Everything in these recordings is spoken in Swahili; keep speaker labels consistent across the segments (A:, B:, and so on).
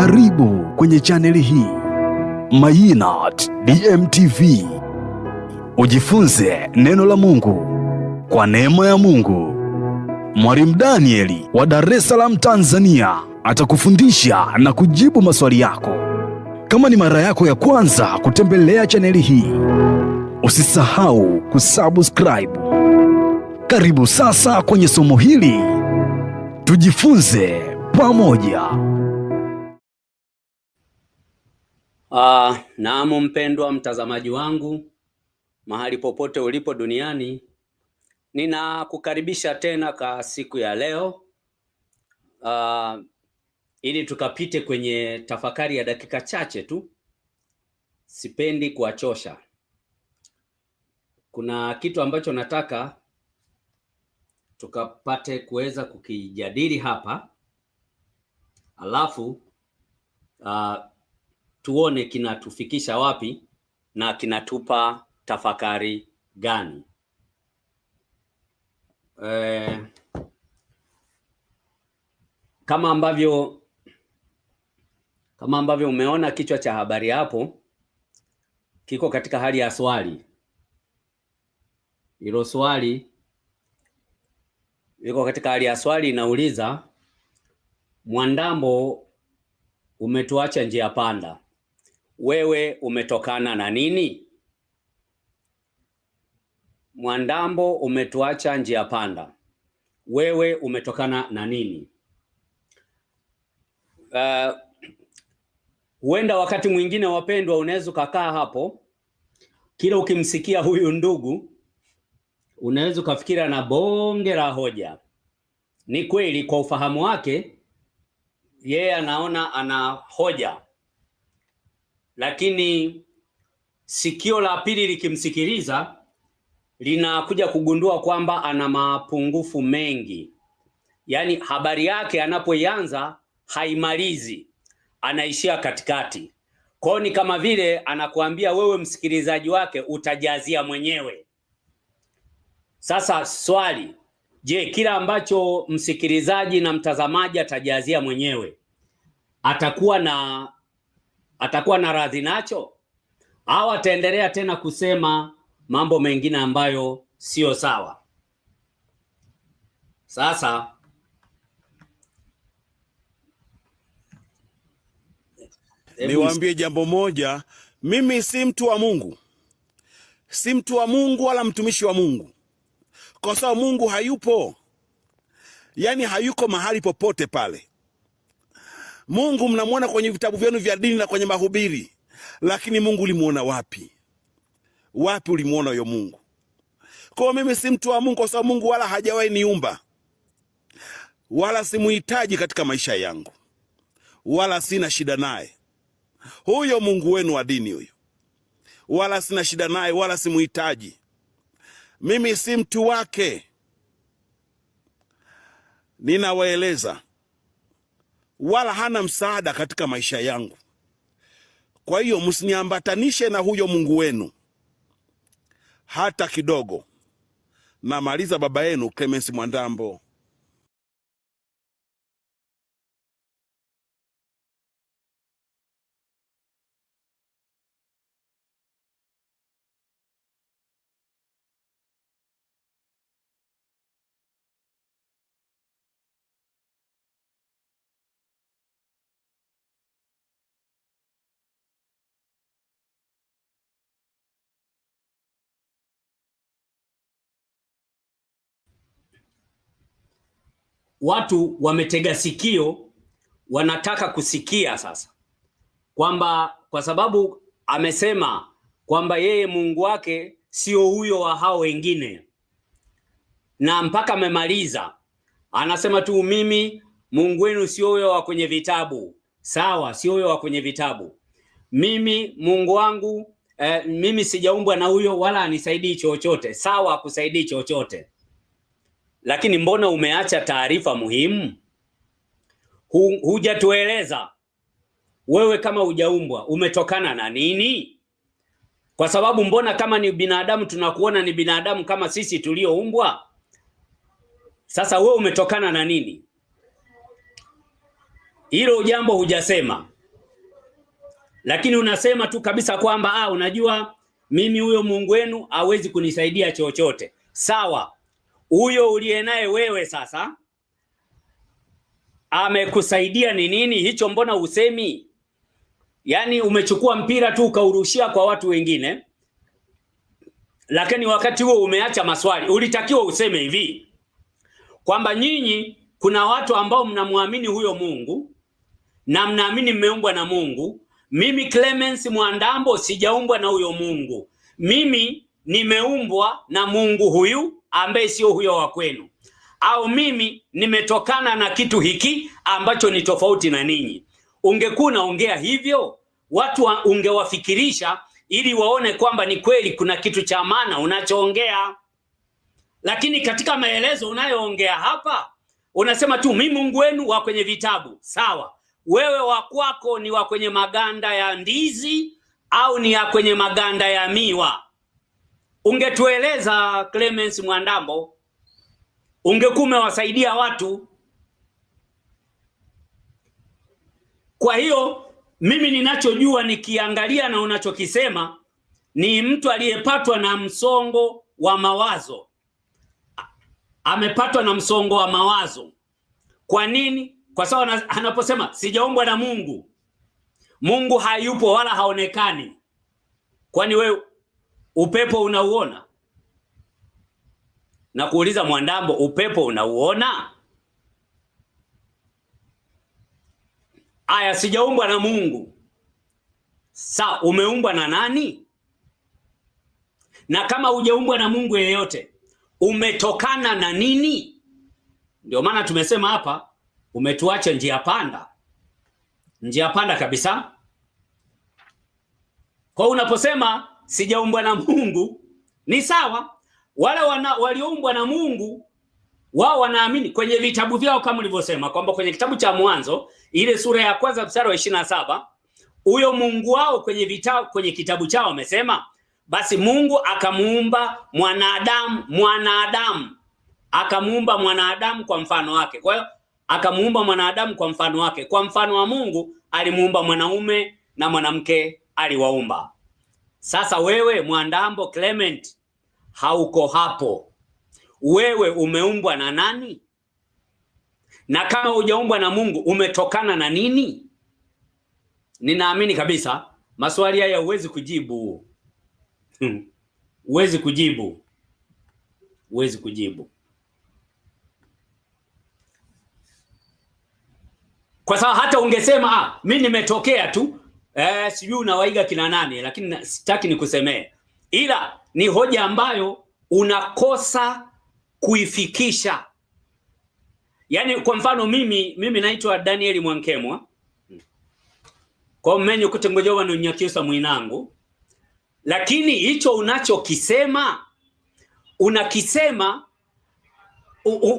A: Karibu kwenye chaneli hii Mayinat DMTV, ujifunze neno la Mungu kwa neema ya Mungu. Mwalimu Danieli wa Dar es Salaam, Tanzania atakufundisha na kujibu maswali yako. Kama ni mara yako ya kwanza kutembelea chaneli hii, usisahau kusubscribe. Karibu sasa kwenye somo hili, tujifunze pamoja.
B: Uh, ah, naamu mpendwa mtazamaji wangu mahali popote ulipo duniani, ninakukaribisha tena kwa siku ya leo uh, ili tukapite kwenye tafakari ya dakika chache tu. Sipendi kuwachosha. Kuna kitu ambacho nataka tukapate kuweza kukijadili hapa, alafu uh, tuone kinatufikisha wapi na kinatupa tafakari gani. E, kama ambavyo kama ambavyo umeona kichwa cha habari hapo kiko katika hali ya swali. Hilo swali liko katika hali ya swali, inauliza Mwandambo umetuacha njia panda wewe umetokana na nini? Mwandambo, umetuacha njia panda, wewe umetokana na nini? Uh, huenda wakati mwingine, wapendwa, unaweza ukakaa hapo, kila ukimsikia huyu ndugu unaweza ukafikira na bonge la hoja. Ni kweli, kwa ufahamu wake yeye anaona ana hoja lakini sikio la pili likimsikiliza linakuja kugundua kwamba ana mapungufu mengi, yaani habari yake anapoianza haimalizi, anaishia katikati. Kwao ni kama vile anakuambia wewe msikilizaji wake utajazia mwenyewe. Sasa swali, je, kila ambacho msikilizaji na mtazamaji atajazia mwenyewe atakuwa na atakuwa na radhi nacho au ataendelea tena kusema mambo mengine ambayo sio sawa? Sasa
C: niwaambie jambo moja, mimi si mtu wa Mungu, si mtu wa Mungu wala mtumishi wa Mungu, kwa sababu Mungu hayupo, yaani hayuko mahali popote pale Mungu mnamwona kwenye vitabu vyenu vya dini na kwenye mahubiri, lakini Mungu ulimwona wapi? Wapi ulimwona huyo Mungu? Kwa mimi si mtu wa Mungu, kwa sababu Mungu wala hajawahi niumba wala simuhitaji katika maisha yangu, wala sina shida naye. Huyo Mungu wenu wa dini huyo, wala sina shida naye, wala simuhitaji. Mimi si mtu wake, ninawaeleza wala hana msaada katika maisha yangu. Kwa hiyo msiniambatanishe na huyo Mungu wenu hata kidogo. Namaliza baba yenu clemensi Mwandambo.
B: watu wametega sikio, wanataka kusikia sasa kwamba kwa sababu amesema kwamba yeye Mungu wake sio huyo wa hao wengine, na mpaka amemaliza anasema tu mimi Mungu wenu sio huyo wa kwenye vitabu. Sawa, sio huyo wa kwenye vitabu. Mimi Mungu wangu eh, mimi sijaumbwa na huyo wala anisaidii chochote. Sawa, akusaidii chochote, lakini mbona umeacha taarifa muhimu? Hu, hujatueleza wewe kama hujaumbwa umetokana na nini? Kwa sababu mbona kama ni binadamu tunakuona ni binadamu kama sisi tulioumbwa. Sasa wewe umetokana na nini? Hilo jambo hujasema, lakini unasema tu kabisa kwamba ah, unajua mimi huyo Mungu wenu hawezi kunisaidia chochote. Sawa, huyo uliye naye wewe sasa amekusaidia ni nini hicho? Mbona usemi? Yaani umechukua mpira tu ukaurushia kwa watu wengine, lakini wakati huo umeacha maswali. Ulitakiwa useme hivi kwamba nyinyi, kuna watu ambao mnamwamini huyo Mungu na mnaamini mmeumbwa na Mungu. Mimi Clemence Mwandambo sijaumbwa na huyo Mungu, mimi nimeumbwa na Mungu huyu ambaye sio huyo wa kwenu, au mimi nimetokana na kitu hiki ambacho ni tofauti na ninyi. Ungekuwa unaongea hivyo, watu wa ungewafikirisha ili waone kwamba ni kweli kuna kitu cha maana unachoongea. Lakini katika maelezo unayoongea hapa unasema tu mimi Mungu wenu wa kwenye vitabu. Sawa, wewe wa kwako ni wa kwenye maganda ya ndizi au ni ya kwenye maganda ya miwa? Ungetueleza Clemence Mwandambo, ungekuwa umewasaidia watu. Kwa hiyo mimi ninachojua nikiangalia na unachokisema ni mtu aliyepatwa na msongo wa mawazo, amepatwa na msongo wa mawazo. Kwa nini? Kwa sababu anaposema sijaombwa na Mungu, Mungu hayupo wala haonekani. Kwani wewe upepo unauona? Na kuuliza Mwandambo, upepo unauona? Aya, sijaumbwa na Mungu. Sa umeumbwa na nani? Na kama hujaumbwa na Mungu yeyote, umetokana na nini? Ndio maana tumesema hapa umetuacha njia panda, njia panda kabisa. Kwa unaposema sijaumbwa na Mungu ni sawa. Wale walioumbwa na Mungu wao wanaamini kwenye vitabu vyao, kama ulivyosema kwamba kwenye kitabu cha Mwanzo ile sura ya kwanza mstari wa ishirini na saba huyo Mungu wao kwenye vitabu, kwenye kitabu chao wamesema, basi Mungu akamuumba mwanadamu, mwanadamu akamuumba mwanadamu kwa mfano wake. Kwa hiyo akamuumba mwanadamu kwa mfano wake, kwa mfano wa Mungu alimuumba mwanaume na mwanamke aliwaumba. Sasa wewe Mwandambo Clement hauko hapo. Wewe umeumbwa na nani? Na kama hujaumbwa na Mungu umetokana na nini? Ninaamini kabisa maswali haya huwezi kujibu, hmm. huwezi kujibu, huwezi kujibu kwa sababu hata ungesema ah, mi nimetokea tu eh, sijui unawaiga kina nani, lakini sitaki nikusemee, ila ni hoja ambayo unakosa kuifikisha. Yaani kwa mfano mimi mimi naitwa Daniel Mwankemwa kwa mmenye kutengojewa nonyakiusa mwinangu, lakini hicho unachokisema unakisema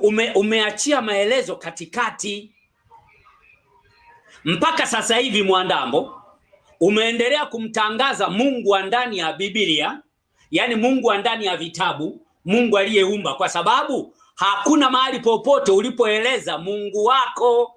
B: ume, umeachia maelezo katikati mpaka sasa hivi Mwandambo umeendelea kumtangaza Mungu wa ndani ya Biblia, yaani Mungu wa ndani ya vitabu, Mungu aliyeumba, kwa sababu hakuna mahali popote ulipoeleza Mungu wako.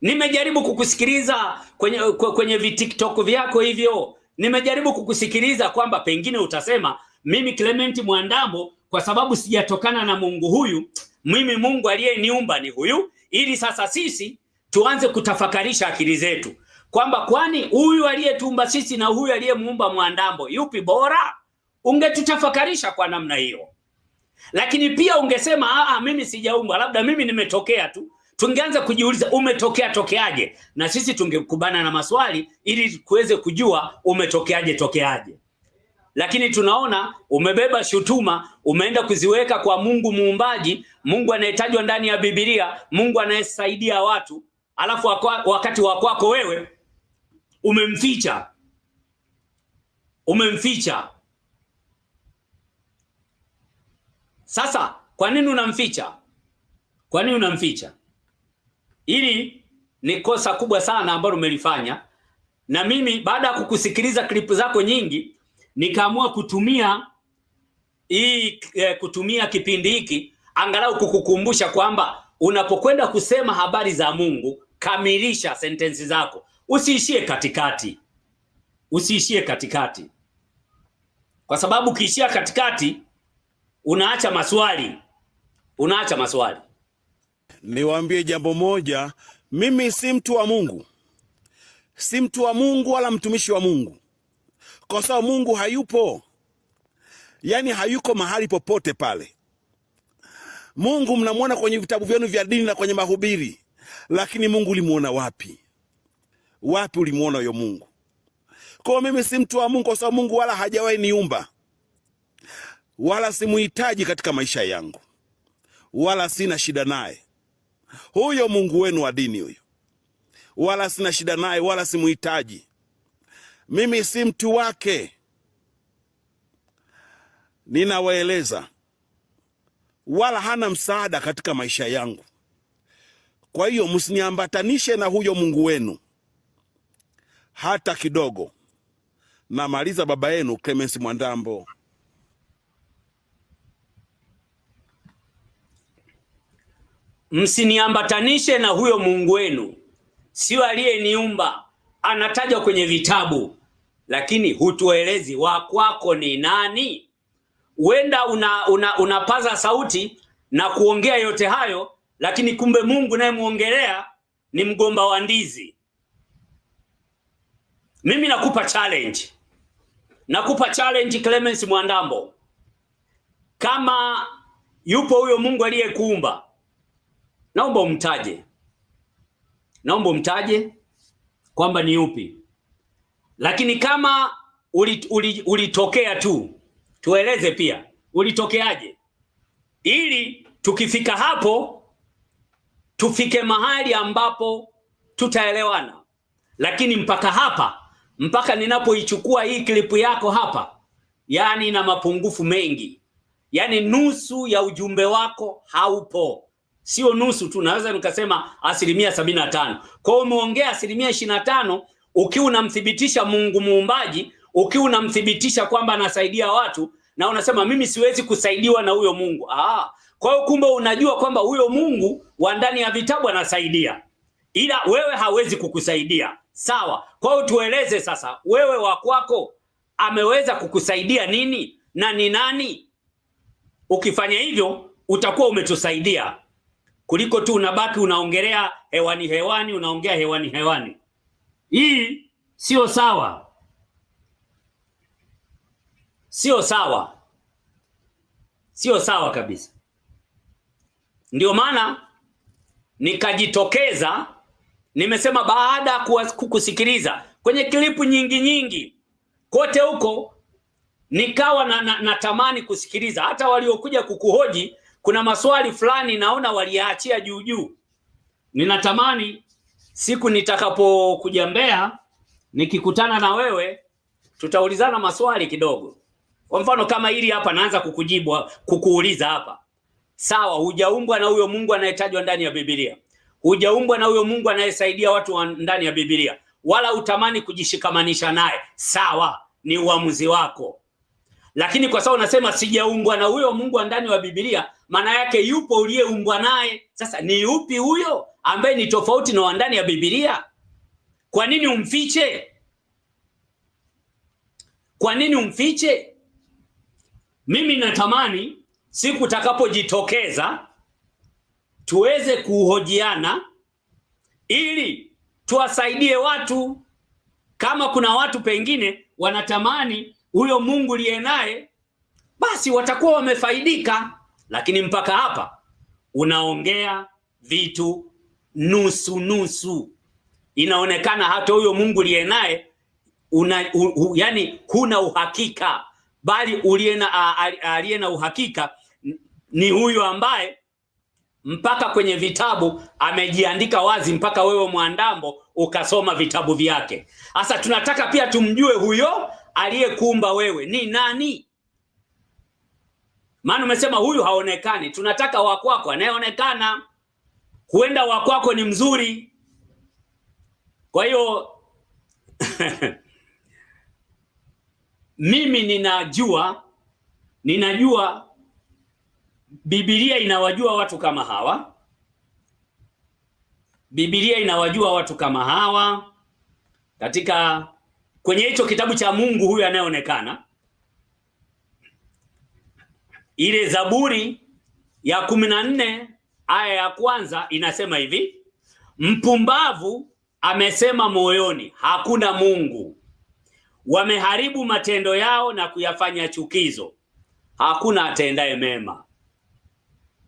B: Nimejaribu kukusikiliza kwenye, kwenye vitiktok vyako hivyo, nimejaribu kukusikiliza kwamba pengine utasema mimi Clement Mwandambo kwa sababu sijatokana na Mungu huyu, mimi Mungu aliyeniumba ni huyu, ili sasa sisi tuanze kutafakarisha akili zetu kwamba kwani huyu aliyetumba sisi na huyu aliyemuumba mwandambo yupi bora? Ungetutafakarisha kwa namna hiyo, lakini pia ungesema ah, ah, mimi sijaumbwa, labda mimi nimetokea tu. Tungeanza kujiuliza umetokea tokeaje, na sisi tungekubana na maswali ili kuweze kujua umetokeaje tokeaje. Lakini tunaona umebeba shutuma, umeenda kuziweka kwa Mungu muumbaji, Mungu anayetajwa ndani ya Biblia, Mungu anayesaidia watu alafu wakati wa kwako wewe umemficha, umemficha. Sasa kwa nini unamficha? Kwa nini unamficha? Hili ni kosa kubwa sana ambalo umelifanya, na mimi baada ya kukusikiliza klipu zako nyingi nikaamua kutumia hii e, kutumia kipindi hiki angalau kukukumbusha kwamba unapokwenda kusema habari za Mungu kamilisha sentensi zako, usiishie katikati, usiishie katikati, kwa sababu ukiishia katikati unaacha maswali, unaacha maswali.
C: Niwaambie jambo moja, mimi si mtu wa Mungu, si mtu wa Mungu wala mtumishi wa Mungu, kwa sababu Mungu hayupo, yaani hayuko mahali popote pale. Mungu mnamwona kwenye vitabu vyenu vya dini na kwenye mahubiri lakini Mungu ulimuona wapi? Wapi ulimuona huyo Mungu? Kwa mimi si mtu wa Mungu, kwa sababu Mungu wala hajawahi niumba, wala simuhitaji katika maisha yangu, wala sina shida naye. Huyo Mungu wenu wa dini huyo, wala sina shida naye, wala simuhitaji. Mimi si mtu wake. Ninawaeleza, wala hana msaada katika maisha yangu. Kwa hiyo msiniambatanishe na huyo Mungu wenu hata kidogo. Namaliza, baba yenu Clemence Mwandambo.
B: Msiniambatanishe na huyo Mungu wenu, sio aliyeniumba, anatajwa kwenye vitabu, lakini hutuelezi wa kwako ni nani. Huenda unapaza una, una sauti na kuongea yote hayo lakini kumbe Mungu nayemwongelea ni mgomba wa ndizi. Mimi nakupa challenge, nakupa challenge Clemence Mwandambo, kama yupo huyo Mungu aliyekuumba, naomba umtaje, naomba umtaje kwamba ni yupi. Lakini kama ulitokea uli, uli tu tueleze pia ulitokeaje, ili tukifika hapo tufike mahali ambapo tutaelewana, lakini mpaka hapa, mpaka ninapoichukua hii klipu yako hapa, yani ina mapungufu mengi, yani nusu ya ujumbe wako haupo. Sio nusu tu, naweza nikasema asilimia sabini na tano. Kwa hiyo umeongea asilimia ishirini na tano ukiwa unamthibitisha Mungu muumbaji, ukiwa unamthibitisha kwamba anasaidia watu na unasema mimi siwezi kusaidiwa na huyo Mungu. Ah, kwa hiyo kumbe unajua kwamba huyo Mungu wa ndani ya vitabu anasaidia, ila wewe hawezi kukusaidia. Sawa. Kwa hiyo tueleze sasa, wewe wa kwako ameweza kukusaidia nini na ni nani? Ukifanya hivyo utakuwa umetusaidia kuliko tu unabaki unaongelea hewani hewani, unaongea hewani hewani. Hii sio sawa, sio sawa, sio sawa kabisa. Ndio maana nikajitokeza, nimesema baada ya kukusikiliza kwenye klipu nyingi nyingi kote huko, nikawa na, na, natamani kusikiliza hata waliokuja kukuhoji. Kuna maswali fulani naona waliachia juu juu, ninatamani siku nitakapokuja Mbeya nikikutana na wewe tutaulizana maswali kidogo. Kwa mfano kama hili hapa, naanza kukujibu kukuuliza hapa Sawa, hujaumbwa na huyo Mungu anayetajwa ndani ya Biblia, hujaumbwa na huyo Mungu anayesaidia watu ndani ya Biblia, wala utamani kujishikamanisha naye. Sawa, ni uamuzi wako, lakini kwa sababu unasema sijaumbwa na huyo Mungu wa ndani wa Biblia, maana yake yupo uliyeumbwa naye. Sasa ni yupi huyo ambaye ni tofauti na wa ndani ya Biblia? Kwa nini umfiche? Kwa nini umfiche? Mimi natamani siku utakapojitokeza tuweze kuhojiana ili tuwasaidie watu. Kama kuna watu pengine wanatamani huyo Mungu liye naye, basi watakuwa wamefaidika. Lakini mpaka hapa unaongea vitu nusu nusu, inaonekana hata huyo Mungu liye naye una u, u, yani huna uhakika, bali uliye na aliye na uhakika ni huyu ambaye mpaka kwenye vitabu amejiandika wazi, mpaka wewe Mwandambo ukasoma vitabu vyake. Sasa tunataka pia tumjue huyo aliyekuumba wewe ni nani, maana umesema huyu haonekani. Tunataka wakwako anayeonekana. Huenda wakwako ni mzuri, kwa hiyo mimi ninajua ninajua Biblia inawajua watu kama hawa. Biblia inawajua watu kama hawa katika kwenye hicho kitabu cha Mungu, huyu anayeonekana ile Zaburi ya kumi na nne aya ya kwanza inasema hivi: mpumbavu amesema moyoni, hakuna Mungu. Wameharibu matendo yao na kuyafanya chukizo, hakuna atendaye mema.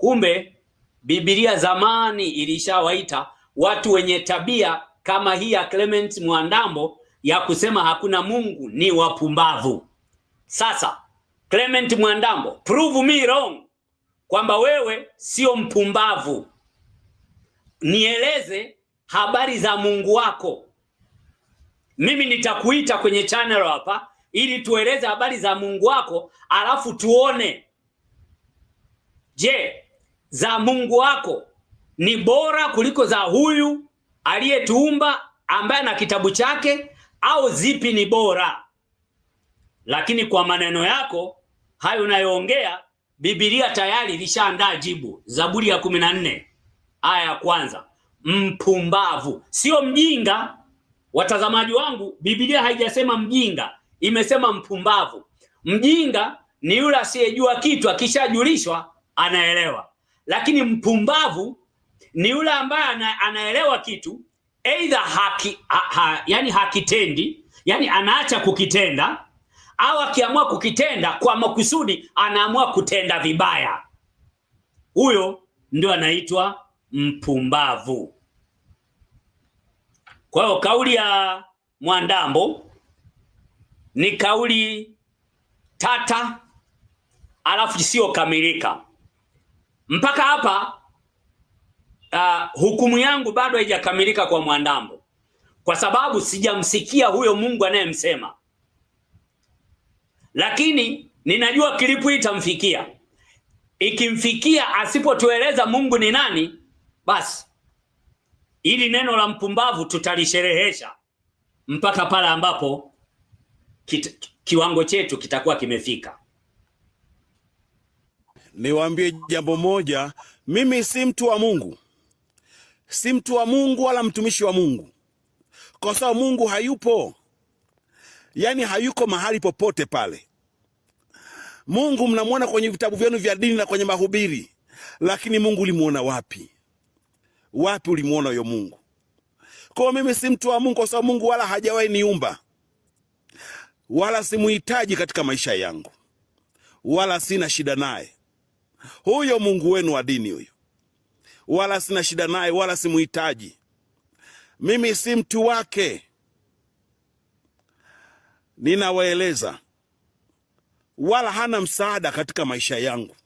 B: Kumbe Biblia zamani ilishawaita watu wenye tabia kama hii ya Clement Mwandambo ya kusema hakuna Mungu ni wapumbavu. Sasa Clement Mwandambo, prove me wrong kwamba wewe sio mpumbavu, nieleze habari za Mungu wako. Mimi nitakuita kwenye channel hapa ili tueleze habari za Mungu wako, alafu tuone, je za Mungu wako ni bora kuliko za huyu aliyetuumba ambaye ana kitabu chake, au zipi ni bora? Lakini kwa maneno yako hayo unayoongea, Biblia tayari ilishaandaa jibu. Zaburi ya kumi na nne aya ya kwanza. Mpumbavu sio mjinga, watazamaji wangu. Biblia haijasema mjinga, imesema mpumbavu. Mjinga ni yule asiyejua kitu, akishajulishwa anaelewa lakini mpumbavu ni yule ambaye ana, anaelewa kitu aidha haki, ha, ha, yani hakitendi, yani anaacha kukitenda au akiamua kukitenda kwa makusudi anaamua kutenda vibaya. Huyo ndio anaitwa mpumbavu. Kwa hiyo kauli ya Mwandambo ni kauli tata, alafu sio kamilika. Mpaka hapa uh, hukumu yangu bado haijakamilika kwa Mwandambo kwa sababu sijamsikia huyo Mungu anayemsema, lakini ninajua klipu hii itamfikia. Ikimfikia asipotueleza Mungu ni nani, basi ili neno la mpumbavu tutalisherehesha mpaka pale ambapo kit, kiwango chetu kitakuwa kimefika
C: niwaambie jambo moja, mimi si mtu wa Mungu, si mtu wa Mungu wala mtumishi wa Mungu, kwa sababu Mungu hayupo, yaani hayuko mahali popote pale. Mungu mnamwona kwenye vitabu vyenu vya dini na kwenye mahubiri, lakini Mungu ulimwona wapi? Wapi ulimwona huyo Mungu? Kwa mimi si mtu wa Mungu, kwa sababu Mungu wala hajawahi niumba, wala simuhitaji katika maisha yangu, wala sina shida naye. Huyo Mungu wenu wa dini huyo, wala sina shida naye, wala simuhitaji mimi, si mtu wake. Ninawaeleza, wala hana msaada katika maisha yangu.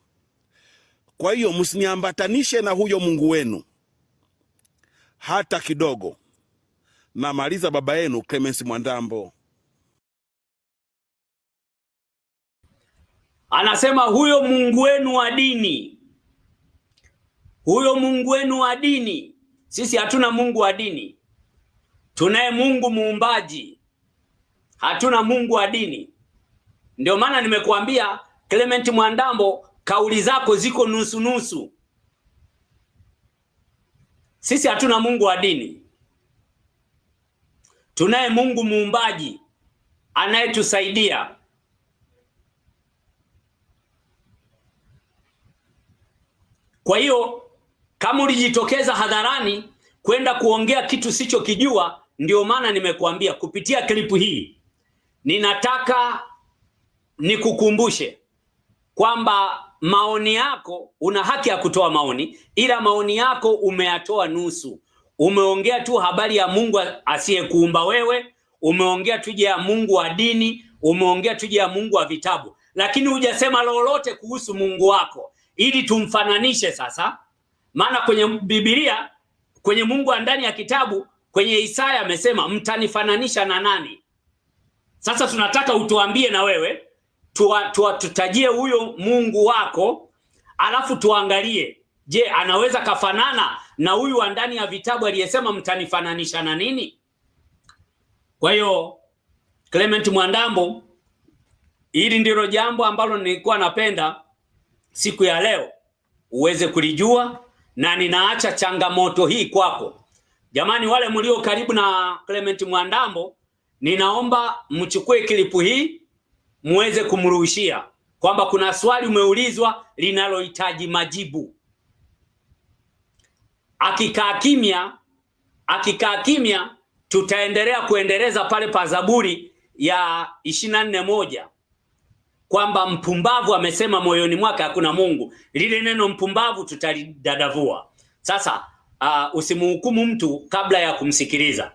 C: Kwa hiyo msiniambatanishe na huyo Mungu wenu hata kidogo. Namaliza baba yenu Clemence Mwandambo.
B: Anasema huyo Mungu wenu wa dini, huyo Mungu wenu wa dini. Sisi hatuna Mungu wa dini, tunaye Mungu muumbaji, hatuna Mungu wa dini. Ndio maana nimekuambia Clement Mwandambo, kauli zako ziko nusu nusu. Sisi hatuna Mungu wa dini, tunaye Mungu muumbaji anayetusaidia Kwa hiyo kama ulijitokeza hadharani kwenda kuongea kitu sichokijua, ndio maana nimekuambia kupitia klipu hii, ninataka nikukumbushe kwamba maoni yako, una haki ya kutoa maoni, ila maoni yako umeyatoa nusu. Umeongea tu habari ya Mungu asiyekuumba wewe, umeongea tu ya Mungu wa dini, umeongea tu ya Mungu wa vitabu, lakini hujasema lolote kuhusu Mungu wako ili tumfananishe sasa, maana kwenye Biblia, kwenye Mungu wa ndani ya kitabu, kwenye Isaya amesema mtanifananisha na nani? Sasa tunataka utuambie na wewe tuwa, tuwa, tutajie huyo Mungu wako, alafu tuangalie, je, anaweza kafanana na huyu wa ndani ya vitabu aliyesema mtanifananisha na nini? Kwa hiyo Clement Mwandambo, hili ndilo jambo ambalo nilikuwa napenda siku ya leo uweze kulijua, na ninaacha changamoto hii kwako. Jamani, wale mlio karibu na Clement Mwandambo, ninaomba mchukue klipu hii muweze kumruhushia kwamba kuna swali umeulizwa linalohitaji majibu. Akikaa kimya, akikaa kimya, tutaendelea kuendeleza pale pa Zaburi ya ishirini na nne moja kwamba mpumbavu amesema moyoni mwake hakuna Mungu. Lile neno mpumbavu tutalidadavua sasa. Uh, usimhukumu mtu kabla ya kumsikiliza.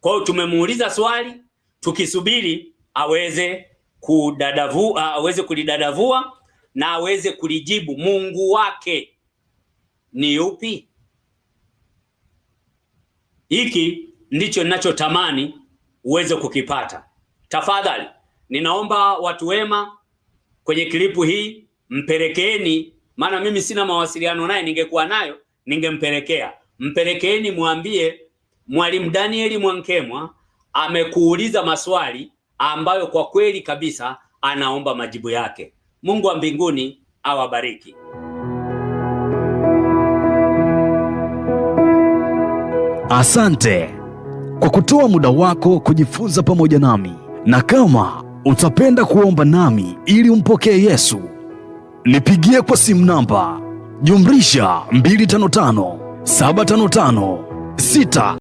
B: Kwa hiyo tumemuuliza swali tukisubiri aweze kudadavua, ah, aweze kulidadavua na aweze kulijibu. Mungu wake ni yupi? Hiki ndicho ninachotamani uweze kukipata. Tafadhali Ninaomba watu wema kwenye klipu hii mpelekeni, maana mimi sina mawasiliano naye, ningekuwa nayo ningempelekea. Mpelekeeni mwambie Mwalimu Danieli Mwankemwa amekuuliza maswali ambayo kwa kweli kabisa anaomba majibu yake. Mungu wa mbinguni awabariki.
D: Asante kwa kutoa muda wako kujifunza pamoja nami, na kama utapenda kuomba nami ili umpokee Yesu, nipigie kwa simu namba jumlisha 255 755 6